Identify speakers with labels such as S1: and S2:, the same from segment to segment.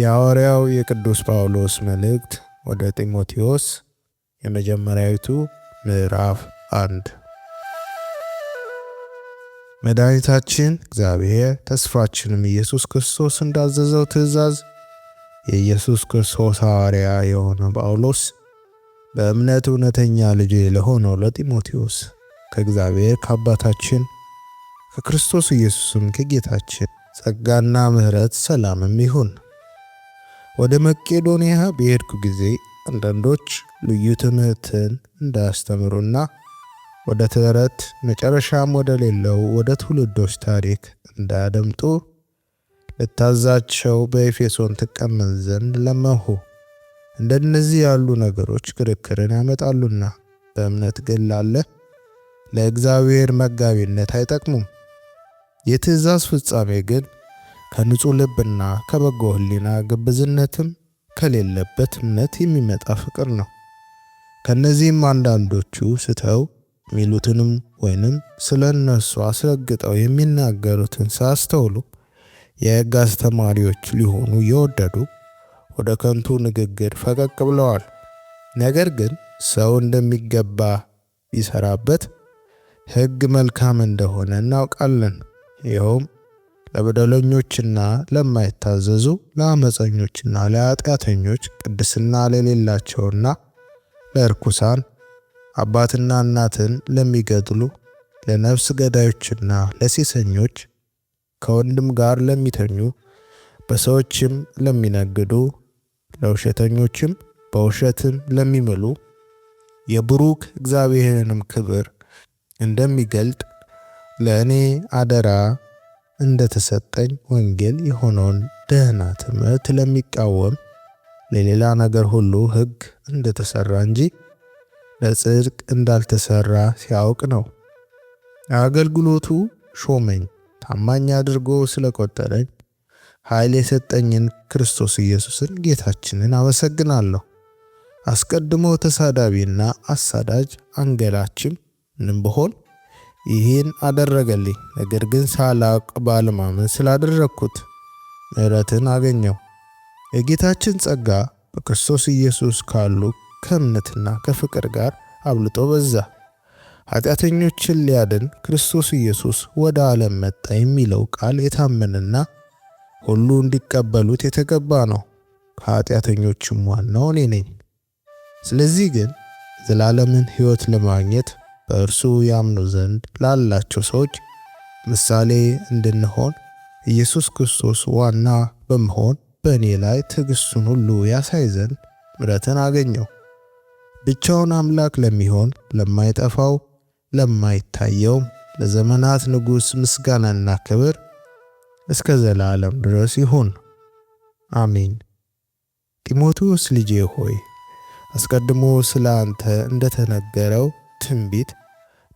S1: የሐዋርያው የቅዱስ ጳውሎስ መልእክት ወደ ጢሞቴዎስ የመጀመሪያዊቱ ምዕራፍ አንድ መድኃኒታችን እግዚአብሔር ተስፋችንም ኢየሱስ ክርስቶስ እንዳዘዘው ትእዛዝ የኢየሱስ ክርስቶስ ሐዋርያ የሆነ ጳውሎስ በእምነት እውነተኛ ልጅ ለሆነው ለጢሞቴዎስ ከእግዚአብሔር ከአባታችን ከክርስቶስ ኢየሱስም ከጌታችን ጸጋና ምሕረት ሰላምም ይሁን። ወደ መቄዶንያ በሄድኩ ጊዜ አንዳንዶች ልዩ ትምህርትን እንዳያስተምሩና ወደ ተረት መጨረሻም ወደ ሌለው ወደ ትውልዶች ታሪክ እንዳያደምጡ ልታዛቸው በኤፌሶን ትቀመጥ ዘንድ ለመንሁ። እንደነዚህ ያሉ ነገሮች ክርክርን ያመጣሉና በእምነት ግን ላለ ለእግዚአብሔር መጋቢነት አይጠቅሙም። የትእዛዝ ፍጻሜ ግን ከንጹሕ ልብና ከበጎ ህሊና ግብዝነትም ከሌለበት እምነት የሚመጣ ፍቅር ነው። ከነዚህም አንዳንዶቹ ስተው የሚሉትንም ወይንም ስለ እነሱ አስረግጠው የሚናገሩትን ሳስተውሉ የሕግ አስተማሪዎች ሊሆኑ የወደዱ ወደ ከንቱ ንግግር ፈቀቅ ብለዋል። ነገር ግን ሰው እንደሚገባ ቢሰራበት ሕግ መልካም እንደሆነ እናውቃለን። ይኸውም ለበደለኞችና ለማይታዘዙ ለአመፀኞችና ለኃጢአተኞች ቅድስና ለሌላቸውና ለርኩሳን አባትና እናትን ለሚገድሉ ለነፍስ ገዳዮችና ለሴሰኞች ከወንድም ጋር ለሚተኙ በሰዎችም ለሚነግዱ ለውሸተኞችም በውሸትም ለሚምሉ የብሩክ እግዚአብሔርንም ክብር እንደሚገልጥ ለእኔ አደራ እንደተሰጠኝ ወንጌል የሆነውን ደህና ትምህርት ለሚቃወም ለሌላ ነገር ሁሉ ሕግ እንደተሰራ እንጂ ለጽድቅ እንዳልተሰራ ሲያውቅ ነው። አገልግሎቱ ሾመኝ ታማኝ አድርጎ ስለቆጠረኝ ኃይል የሰጠኝን ክርስቶስ ኢየሱስን ጌታችንን አመሰግናለሁ። አስቀድሞ ተሳዳቢና አሳዳጅ አንገላችም ንም ብሆን ይህን አደረገልኝ። ነገር ግን ሳላውቅ ባለማመን ስላደረግኩት ምሕረትን አገኘው። የጌታችን ጸጋ በክርስቶስ ኢየሱስ ካሉ ከእምነትና ከፍቅር ጋር አብልጦ በዛ። ኃጢአተኞችን ሊያድን ክርስቶስ ኢየሱስ ወደ ዓለም መጣ የሚለው ቃል የታመነና ሁሉ እንዲቀበሉት የተገባ ነው። ከኃጢአተኞችም ዋናው እኔ ነኝ። ስለዚህ ግን ዘላለምን ሕይወት ለማግኘት በእርሱ ያምኑ ዘንድ ላላቸው ሰዎች ምሳሌ እንድንሆን ኢየሱስ ክርስቶስ ዋና በመሆን በእኔ ላይ ትዕግስቱን ሁሉ ያሳይ ዘንድ ምረትን አገኘው። ብቻውን አምላክ ለሚሆን ለማይጠፋው ለማይታየውም ለዘመናት ንጉሥ ምስጋናና ክብር እስከ ዘላለም ድረስ ይሁን፣ አሜን። ጢሞቴዎስ ልጄ ሆይ አስቀድሞ ስለ አንተ እንደተነገረው ትንቢት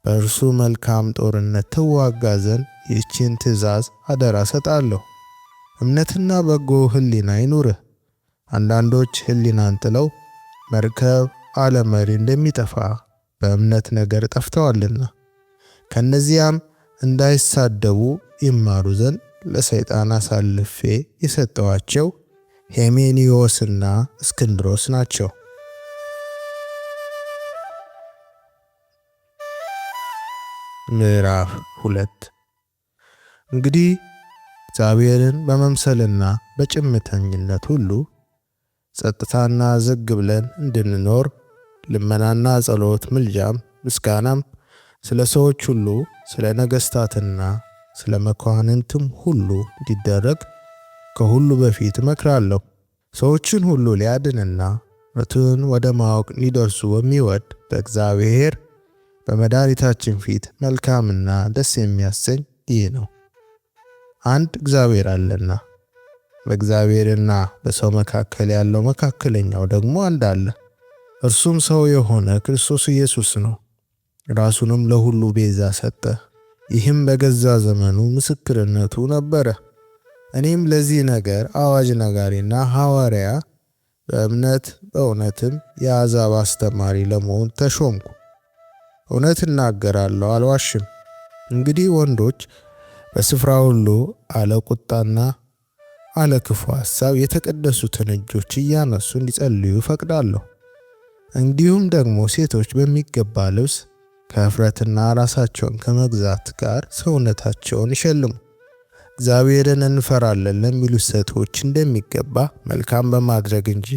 S1: በእርሱ መልካም ጦርነት ትዋጋ ዘንድ ይህችን ትእዛዝ አደራ ሰጣለሁ። እምነትና በጎ ህሊና ይኑርህ። አንዳንዶች ህሊናን ጥለው መርከብ አለመሪ እንደሚጠፋ በእምነት ነገር ጠፍተዋልና ከነዚያም እንዳይሳደቡ ይማሩ ዘንድ ለሰይጣን አሳልፌ የሰጠዋቸው ሄሜኒዮስና እስክንድሮስ ናቸው። ምዕራፍ ሁለት እንግዲህ እግዚአብሔርን በመምሰልና በጭምተኝነት ሁሉ ጸጥታና ዝግ ብለን እንድንኖር ልመናና ጸሎት፣ ምልጃም ምስጋናም ስለ ሰዎች ሁሉ ስለ ነገሥታትና ስለ መኳንንትም ሁሉ እንዲደረግ ከሁሉ በፊት እመክራለሁ። ሰዎችን ሁሉ ሊያድንና እውነትን ወደ ማወቅ ሊደርሱ በሚወድ በእግዚአብሔር በመድኃኒታችን ፊት መልካምና ደስ የሚያሰኝ ይህ ነው፣ አንድ እግዚአብሔር አለና በእግዚአብሔርና በሰው መካከል ያለው መካከለኛው ደግሞ አንድ አለ፣ እርሱም ሰው የሆነ ክርስቶስ ኢየሱስ ነው። ራሱንም ለሁሉ ቤዛ ሰጠ። ይህም በገዛ ዘመኑ ምስክርነቱ ነበረ። እኔም ለዚህ ነገር አዋጅ ነጋሪና ሐዋርያ፣ በእምነት በእውነትም የአሕዛብ አስተማሪ ለመሆን ተሾምኩ። እውነት እናገራለሁ፣ አልዋሽም። እንግዲህ ወንዶች በስፍራ ሁሉ አለ ቁጣና አለ ክፉ ሐሳብ የተቀደሱትን እጆች እያነሱ እንዲጸልዩ ፈቅዳለሁ። እንዲሁም ደግሞ ሴቶች በሚገባ ልብስ ከእፍረትና ራሳቸውን ከመግዛት ጋር ሰውነታቸውን ይሸልሙ። እግዚአብሔርን እንፈራለን ለሚሉ ሴቶች እንደሚገባ መልካም በማድረግ እንጂ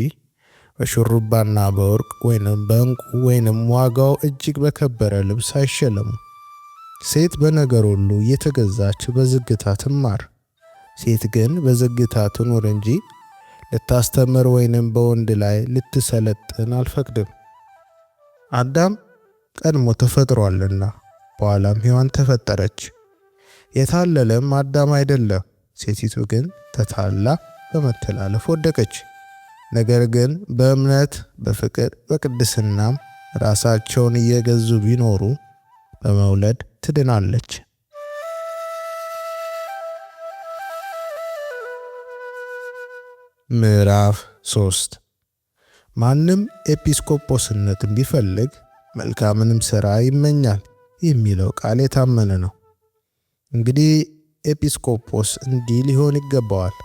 S1: በሹሩባና በወርቅ ወይንም በእንቁ ወይንም ዋጋው እጅግ በከበረ ልብስ አይሸለሙ። ሴት በነገር ሁሉ የተገዛች በዝግታ ትማር። ሴት ግን በዝግታ ትኑር እንጂ ልታስተምር ወይንም በወንድ ላይ ልትሰለጥን አልፈቅድም። አዳም ቀድሞ ተፈጥሯልና በኋላም ሔዋን ተፈጠረች። የታለለም አዳም አይደለም፣ ሴቲቱ ግን ተታላ በመተላለፍ ወደቀች። ነገር ግን በእምነት በፍቅር በቅድስናም ራሳቸውን እየገዙ ቢኖሩ በመውለድ ትድናለች። ምዕራፍ 3 ማንም ኤጲስቆጶስነትን ቢፈልግ መልካምንም ሥራ ይመኛል የሚለው ቃል የታመነ ነው። እንግዲህ ኤጲስቆጶስ እንዲህ ሊሆን ይገባዋል፦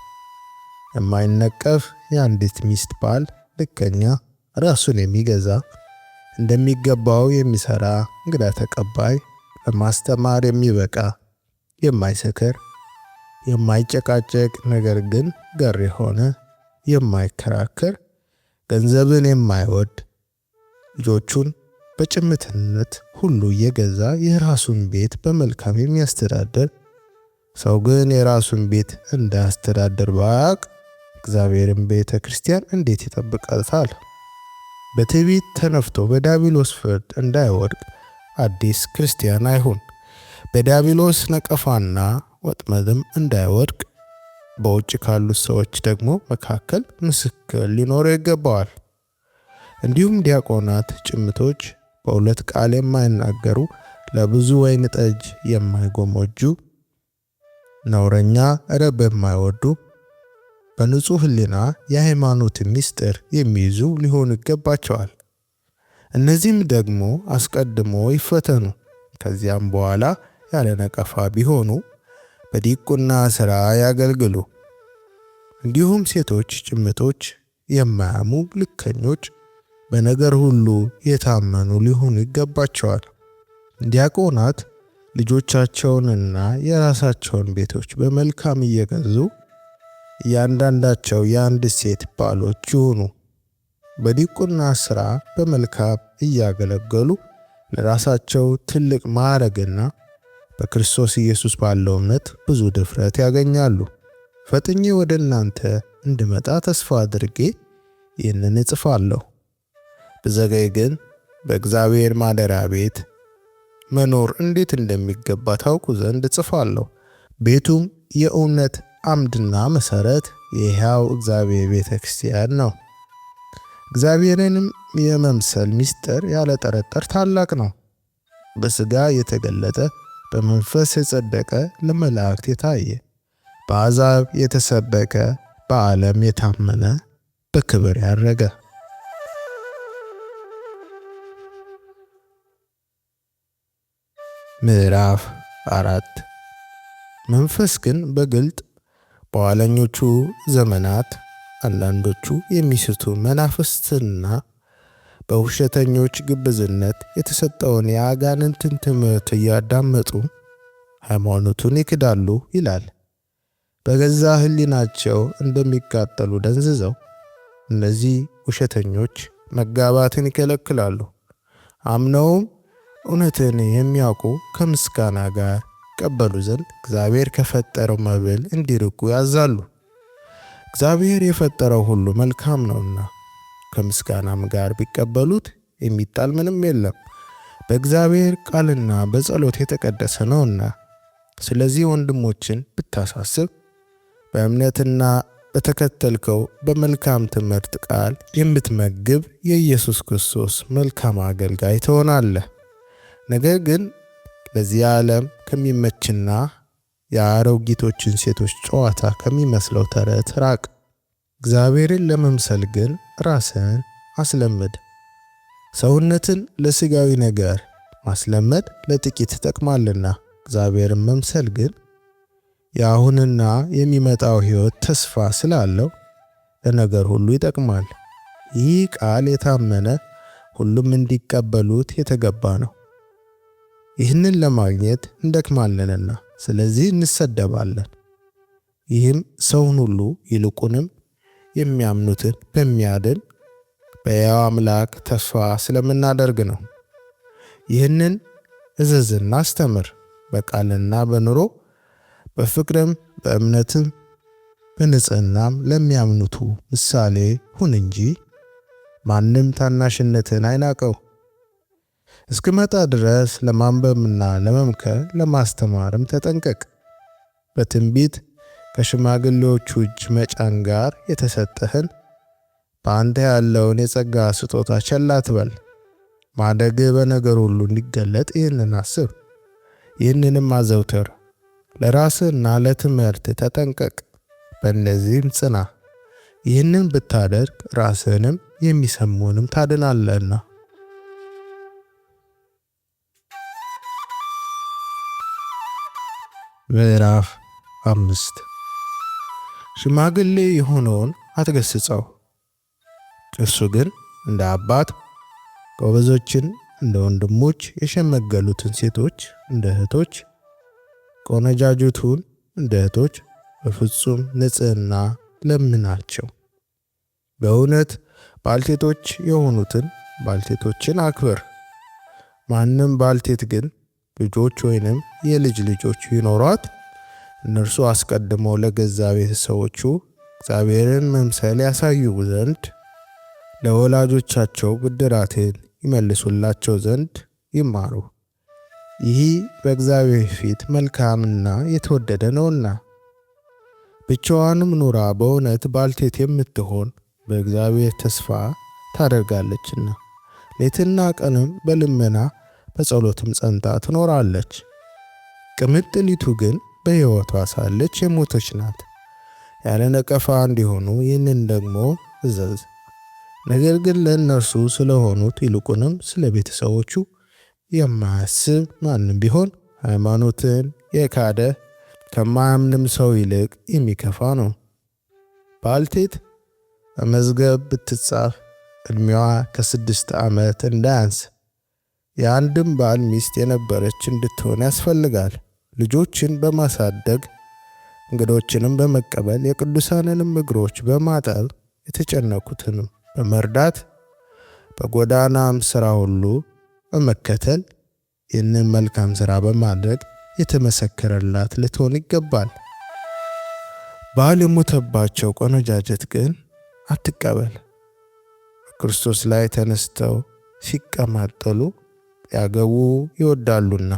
S1: የማይነቀፍ የአንዲት ሚስት ባል ልከኛ፣ ራሱን የሚገዛ እንደሚገባው የሚሰራ፣ እንግዳ ተቀባይ፣ ለማስተማር የሚበቃ፣ የማይሰክር፣ የማይጨቃጨቅ፣ ነገር ግን ገር የሆነ የማይከራከር፣ ገንዘብን የማይወድ ልጆቹን በጭምትነት ሁሉ የገዛ የራሱን ቤት በመልካም የሚያስተዳድር ሰው ግን የራሱን ቤት እንዳያስተዳድር ባቅ እግዚአብሔርን ቤተ ክርስቲያን እንዴት ይጠብቃታል? በትዕቢት ተነፍቶ በዳቢሎስ ፍርድ እንዳይወድቅ አዲስ ክርስቲያን አይሁን። በዳቢሎስ ነቀፋና ወጥመድም እንዳይወድቅ በውጭ ካሉት ሰዎች ደግሞ መካከል ምስክር ሊኖረው ይገባዋል። እንዲሁም ዲያቆናት፣ ጭምቶች፣ በሁለት ቃል የማይናገሩ ለብዙ ወይን ጠጅ የማይጎመጁ ነውረኛ ረብ የማይወዱ በንጹሕ ሕሊና የሃይማኖት ምስጢር የሚይዙ ሊሆኑ ይገባቸዋል። እነዚህም ደግሞ አስቀድሞ ይፈተኑ፣ ከዚያም በኋላ ያለ ነቀፋ ቢሆኑ በዲቁና ሥራ ያገልግሉ። እንዲሁም ሴቶች ጭምቶች፣ የማያሙ ልከኞች፣ በነገር ሁሉ የታመኑ ሊሆኑ ይገባቸዋል። ዲያቆናት ልጆቻቸውንና የራሳቸውን ቤቶች በመልካም እየገዙ እያንዳንዳቸው የአንድ ሴት ባሎች ይሁኑ። በዲቁና ሥራ በመልካም እያገለገሉ ለራሳቸው ትልቅ ማዕረግና በክርስቶስ ኢየሱስ ባለው እምነት ብዙ ድፍረት ያገኛሉ። ፈጥኜ ወደ እናንተ እንድመጣ ተስፋ አድርጌ ይህንን እጽፋለሁ። ብዘገይ ግን በእግዚአብሔር ማደሪያ ቤት መኖር እንዴት እንደሚገባ ታውቁ ዘንድ እጽፋለሁ። ቤቱም የእውነት አምድና መሠረት የሕያው እግዚአብሔር ቤተ ክርስቲያን ነው። እግዚአብሔርንም የመምሰል ምስጢር ያለ ጠረጠር ታላቅ ነው። በሥጋ የተገለጠ በመንፈስ የጸደቀ ለመላእክት የታየ በአሕዛብ የተሰበከ በዓለም የታመነ በክብር ያረገ ምዕራፍ አራት መንፈስ ግን በግልጥ በኋለኞቹ ዘመናት አንዳንዶቹ የሚስቱ መናፍስትና በውሸተኞች ግብዝነት የተሰጠውን የአጋንንትን ትምህርት እያዳመጡ ሃይማኖቱን ይክዳሉ ይላል። በገዛ ሕሊናቸው እንደሚቃጠሉ ደንዝዘው እነዚህ ውሸተኞች መጋባትን ይከለክላሉ። አምነውም እውነትን የሚያውቁ ከምስጋና ጋር ይቀበሉ ዘንድ እግዚአብሔር ከፈጠረው መብል እንዲርቁ ያዛሉ። እግዚአብሔር የፈጠረው ሁሉ መልካም ነውና ከምስጋናም ጋር ቢቀበሉት የሚጣል ምንም የለም፣ በእግዚአብሔር ቃልና በጸሎት የተቀደሰ ነውና። ስለዚህ ወንድሞችን ብታሳስብ በእምነትና በተከተልከው በመልካም ትምህርት ቃል የምትመግብ የኢየሱስ ክርስቶስ መልካም አገልጋይ ትሆናለህ። ነገር ግን በዚህ ዓለም ከሚመችና የአሮጊቶችን ሴቶች ጨዋታ ከሚመስለው ተረት ራቅ። እግዚአብሔርን ለመምሰል ግን ራስህን አስለምድ። ሰውነትን ለስጋዊ ነገር ማስለመድ ለጥቂት ትጠቅማልና እግዚአብሔርን መምሰል ግን የአሁንና የሚመጣው ሕይወት ተስፋ ስላለው ለነገር ሁሉ ይጠቅማል። ይህ ቃል የታመነ ሁሉም እንዲቀበሉት የተገባ ነው። ይህንን ለማግኘት እንደክማለንና ስለዚህ እንሰደባለን። ይህም ሰውን ሁሉ ይልቁንም የሚያምኑትን በሚያድን በሕያው አምላክ ተስፋ ስለምናደርግ ነው። ይህንን እዘዝና አስተምር በቃልና በኑሮ በፍቅርም በእምነትም በንጽህናም ለሚያምኑቱ ምሳሌ ሁን እንጂ ማንም ታናሽነትን አይናቀው። እስክመጣ ድረስ ለማንበብና ለመምከር ለማስተማርም ተጠንቀቅ። በትንቢት ከሽማግሌዎች እጅ መጫን ጋር የተሰጠህን በአንተ ያለውን የጸጋ ስጦታ ቸላ ትበል። ማደግ በነገር ሁሉ እንዲገለጥ ይህንን አስብ፣ ይህንንም አዘውትር። ለራስህና ለትምህርት ተጠንቀቅ፣ በእነዚህም ጽና። ይህንን ብታደርግ ራስህንም የሚሰሙንም ታድናለህና። ምዕራፍ አምስት ሽማግሌ የሆነውን አትገስጸው፣ እርሱ ግን እንደ አባት ጎበዞችን እንደ ወንድሞች የሸመገሉትን ሴቶች እንደ እህቶች ቆነጃጁቱን እንደ እህቶች በፍጹም ንጽህና ለምናቸው። በእውነት ባልቴቶች የሆኑትን ባልቴቶችን አክብር። ማንም ባልቴት ግን ልጆች ወይንም የልጅ ልጆች ይኖሯት። እነርሱ አስቀድመው ለገዛ ቤተሰቦቹ እግዚአብሔርን መምሰል ያሳዩ ዘንድ ለወላጆቻቸው ብድራትን ይመልሱላቸው ዘንድ ይማሩ። ይህ በእግዚአብሔር ፊት መልካምና የተወደደ ነውና። ብቻዋንም ኑራ በእውነት ባልቴት የምትሆን በእግዚአብሔር ተስፋ ታደርጋለችና ሌትና ቀንም በልመና በጸሎትም ጸንታ ትኖራለች። ቅምጥሊቱ ግን በሕይወቷ ሳለች የሞተች ናት። ያለ ነቀፋ እንዲሆኑ ይህንን ደግሞ እዘዝ። ነገር ግን ለእነርሱ ስለሆኑት ይልቁንም ስለ ቤተሰቦቹ የማያስብ ማንም ቢሆን ሃይማኖትን የካደ ከማያምንም ሰው ይልቅ የሚከፋ ነው። ባልቴት በመዝገብ ብትጻፍ ዕድሜዋ ከስድስት ዓመት እንዳያንስ የአንድም ባል ሚስት የነበረች እንድትሆን ያስፈልጋል። ልጆችን በማሳደግ እንግዶችንም በመቀበል የቅዱሳንንም እግሮች በማጠብ የተጨነቁትንም በመርዳት በጎዳናም ስራ ሁሉ በመከተል ይህንን መልካም ስራ በማድረግ የተመሰከረላት ልትሆን ይገባል። ባል የሞተባቸው ቆነጃጀት ግን አትቀበል። በክርስቶስ ላይ ተነስተው ሲቀማጠሉ ሊያገቡ ይወዳሉና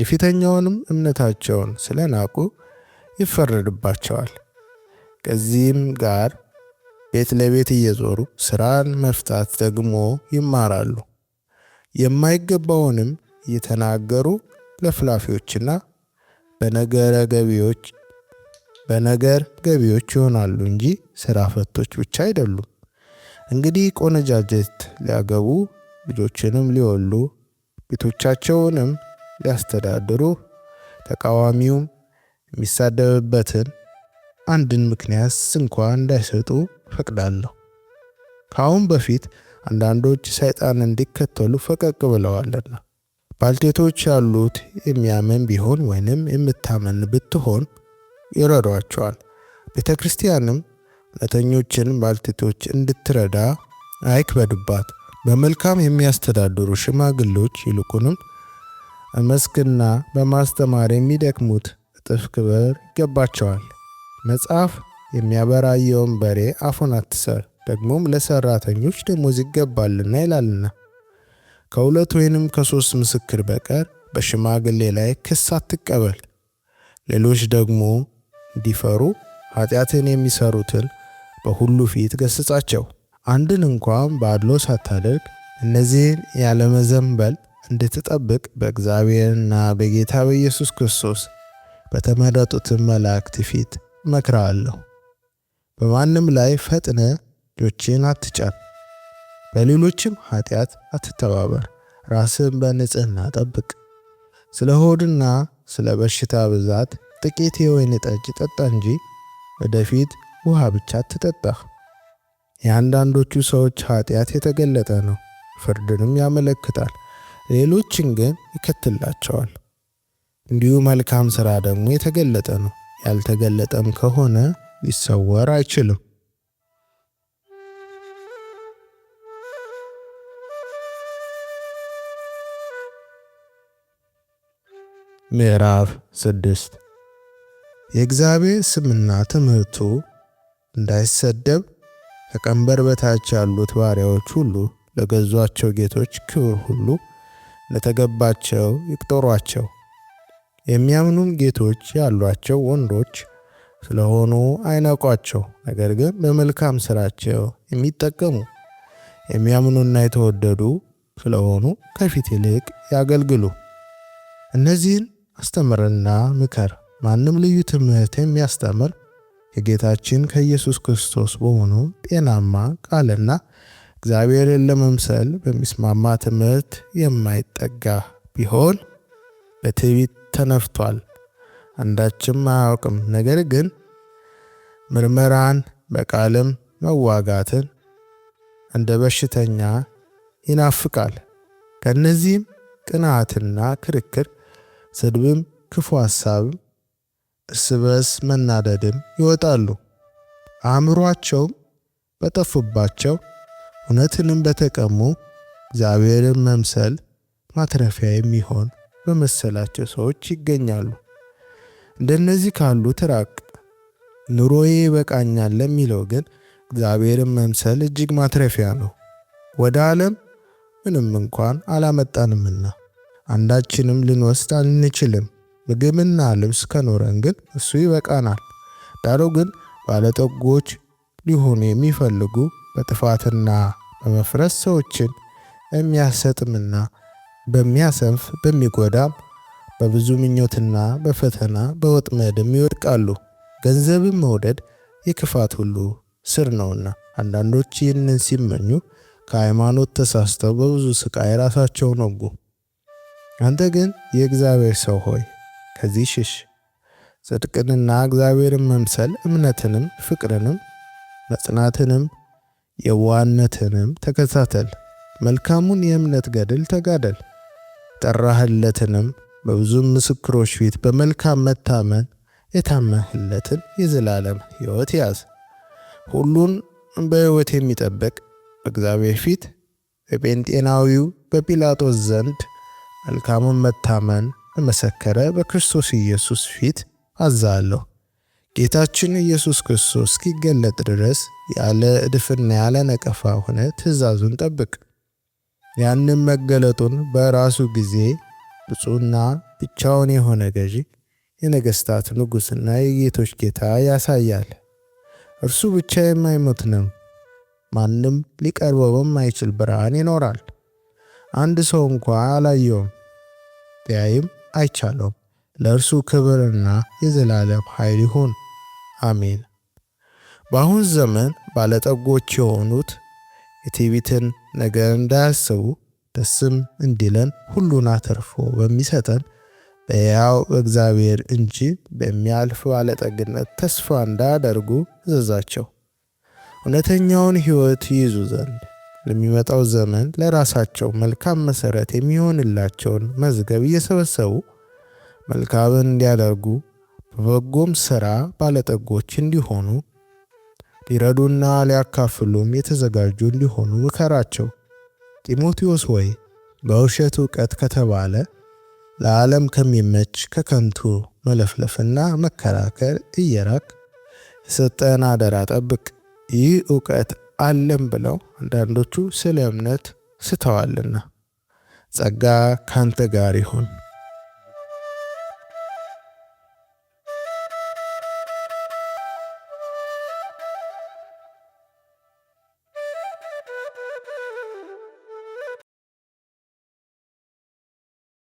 S1: የፊተኛውንም እምነታቸውን ስለ ናቁ ይፈረድባቸዋል። ከዚህም ጋር ቤት ለቤት እየዞሩ ስራን መፍታት ደግሞ ይማራሉ። የማይገባውንም እየተናገሩ ለፍላፊዎችና በነገረ ገቢዎች በነገር ገቢዎች ይሆናሉ እንጂ ስራ ፈቶች ብቻ አይደሉም። እንግዲህ ቆነጃጀት ሊያገቡ ልጆችንም ሊወሉ ቤቶቻቸውንም ሊያስተዳድሩ ተቃዋሚውም የሚሳደብበትን አንድን ምክንያት ስንኳ እንዳይሰጡ ፈቅዳለሁ። ከአሁን በፊት አንዳንዶች ሰይጣን እንዲከተሉ ፈቀቅ ብለዋልና ባልቴቶች ያሉት የሚያምን ቢሆን ወይንም የምታምን ብትሆን ይረዷቸዋል። ቤተ ክርስቲያንም እውነተኞችን ባልቴቶች እንድትረዳ አይክበድባት። በመልካም የሚያስተዳድሩ ሽማግሎች ይልቁንም መስክና በማስተማር የሚደክሙት እጥፍ ክብር ይገባቸዋል። መጽሐፍ የሚያበራየውን በሬ አፉን አትሰር፣ ደግሞም ለሰራተኞች ደሞዝ ይገባልና ይላልና። ከሁለት ወይንም ከሶስት ምስክር በቀር በሽማግሌ ላይ ክስ አትቀበል። ሌሎች ደግሞ እንዲፈሩ ኃጢአትን የሚሰሩትን በሁሉ ፊት ገስጻቸው። አንድን እንኳን በአድሎ ሳታደርግ እነዚህን ያለመዘንበል እንድትጠብቅ በእግዚአብሔርና በጌታ በኢየሱስ ክርስቶስ በተመረጡትን መላእክት ፊት እመክርሃለሁ። በማንም ላይ ፈጥነ እጆችን አትጫን፣ በሌሎችም ኃጢአት አትተባበር። ራስን በንጽህና ጠብቅ። ስለ ሆድና ስለ በሽታ ብዛት ጥቂት የወይን ጠጅ ጠጣ እንጂ ወደፊት ውሃ ብቻ አትጠጣህ። የአንዳንዶቹ ሰዎች ኃጢአት የተገለጠ ነው፣ ፍርድንም ያመለክታል። ሌሎችን ግን ይከትላቸዋል። እንዲሁ መልካም ሥራ ደግሞ የተገለጠ ነው፣ ያልተገለጠም ከሆነ ሊሰወር አይችልም። ምዕራፍ ስድስት የእግዚአብሔር ስምና ትምህርቱ እንዳይሰደብ ከቀንበር በታች ያሉት ባሪያዎች ሁሉ ለገዟቸው ጌቶች ክብር ሁሉ ለተገባቸው ይቅጠሯቸው። የሚያምኑም ጌቶች ያሏቸው ወንዶች ስለሆኑ አይናቋቸው፣ ነገር ግን በመልካም ስራቸው የሚጠቀሙ የሚያምኑና የተወደዱ ስለሆኑ ከፊት ይልቅ ያገልግሉ። እነዚህን አስተምርና ምከር። ማንም ልዩ ትምህርት የሚያስተምር የጌታችን ከኢየሱስ ክርስቶስ በሆኑ ጤናማ ቃልና እግዚአብሔርን ለመምሰል በሚስማማ ትምህርት የማይጠጋ ቢሆን በትዕቢት ተነፍቷል፣ አንዳችም አያውቅም። ነገር ግን ምርመራን በቃልም መዋጋትን እንደ በሽተኛ ይናፍቃል። ከእነዚህም ቅናትና ክርክር፣ ስድብም፣ ክፉ ሐሳብም እርስ በርስ መናደድም ይወጣሉ። አእምሯቸውም በጠፉባቸው እውነትንም በተቀሙ እግዚአብሔርን መምሰል ማትረፊያ የሚሆን በመሰላቸው ሰዎች ይገኛሉ። እንደነዚህ ካሉ ትራቅ። ኑሮዬ ይበቃኛል ለሚለው ግን እግዚአብሔርን መምሰል እጅግ ማትረፊያ ነው። ወደ ዓለም ምንም እንኳን አላመጣንምና አንዳችንም ልንወስድ አንችልም። ምግብና ልብስ ከኖረን ግን እሱ ይበቃናል። ዳሩ ግን ባለጠጎች ሊሆኑ የሚፈልጉ በጥፋትና በመፍረስ ሰዎችን የሚያሰጥምና በሚያሰንፍ በሚጎዳም በብዙ ምኞትና በፈተና በወጥመድም ይወድቃሉ። ገንዘብን መውደድ የክፋት ሁሉ ስር ነውና አንዳንዶች ይህንን ሲመኙ ከሃይማኖት ተሳስተው በብዙ ስቃይ ራሳቸውን ወጉ። አንተ ግን የእግዚአብሔር ሰው ሆይ ከዚህ ሽሽ። ጽድቅንና እግዚአብሔርን መምሰል እምነትንም ፍቅርንም መጽናትንም የዋነትንም ተከታተል። መልካሙን የእምነት ገድል ተጋደል። ጠራህለትንም በብዙ ምስክሮች ፊት በመልካም መታመን የታመህለትን የዘላለም ሕይወት ያዝ። ሁሉን በሕይወት የሚጠብቅ በእግዚአብሔር ፊት በጴንጤናዊው በጲላጦስ ዘንድ መልካሙን መታመን መሰከረ በክርስቶስ ኢየሱስ ፊት አዛለሁ። ጌታችን ኢየሱስ ክርስቶስ እስኪገለጥ ድረስ ያለ እድፍና ያለ ነቀፋ ሆነ ትእዛዙን ጠብቅ። ያንም መገለጡን በራሱ ጊዜ ብፁና ብቻውን የሆነ ገዢ የነገስታት ንጉሥና የጌቶች ጌታ ያሳያል። እርሱ ብቻ የማይሞት ነው። ማንም ሊቀርበው በማይችል ብርሃን ይኖራል። አንድ ሰው እንኳ አላየውም ቢያይም አይቻለውም። ለእርሱ ክብርና የዘላለም ኃይል ይሁን፣ አሜን። በአሁን ዘመን ባለጠጎች የሆኑት የትዕቢትን ነገር እንዳያስቡ ደስም እንዲለን ሁሉን አትርፎ በሚሰጠን በያው እግዚአብሔር እንጂ በሚያልፍ ባለጠግነት ተስፋ እንዳያደርጉ እዘዛቸው እውነተኛውን ሕይወት ይይዙ ዘንድ ለሚመጣው ዘመን ለራሳቸው መልካም መሰረት የሚሆንላቸውን መዝገብ እየሰበሰቡ መልካምን እንዲያደርጉ በበጎም ሥራ ባለጠጎች እንዲሆኑ ሊረዱና ሊያካፍሉም የተዘጋጁ እንዲሆኑ ምከራቸው። ጢሞቴዎስ ወይ በውሸት እውቀት ከተባለ ለዓለም ከሚመች ከከንቱ መለፍለፍና መከራከር እየራቅ የሰጠን አደራ ጠብቅ። ይህ እውቀት አለም ብለው አንዳንዶቹ ስለ እምነት ስተዋልና ጸጋ ካንተ ጋር ይሁን።